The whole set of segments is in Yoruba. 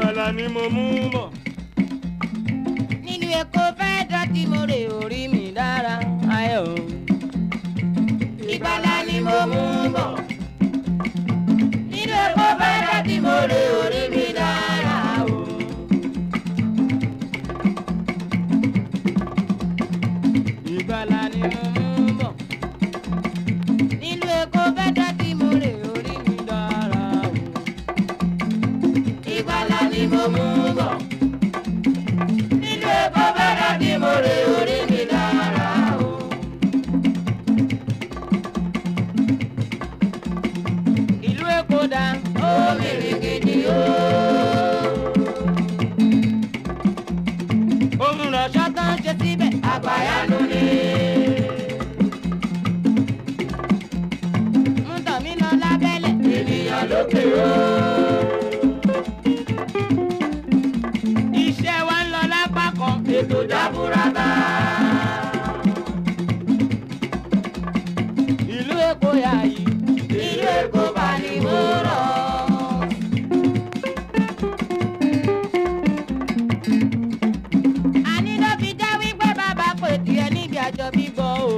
ìgbàlà ni mo mú mọ̀. nínú èkó fẹ́ dọ́tí mo rè orí mi dára ayọ̀. ìgbàlà ni mo mú mọ̀. bọ̀. nílé bọ́bẹ́rẹ́ ni mo rè orí mi lára o. ìlú Èkó ohun rọ̀ṣọ́ tán ṣe síbẹ̀ àgbáyà lónìí. yìí ìlú Èkó bá ní mo rọ̀. àní ló fi jẹ́ wípé bàbá kò tiẹ̀ níbi àjọ bíbọ̀ o.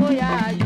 खोया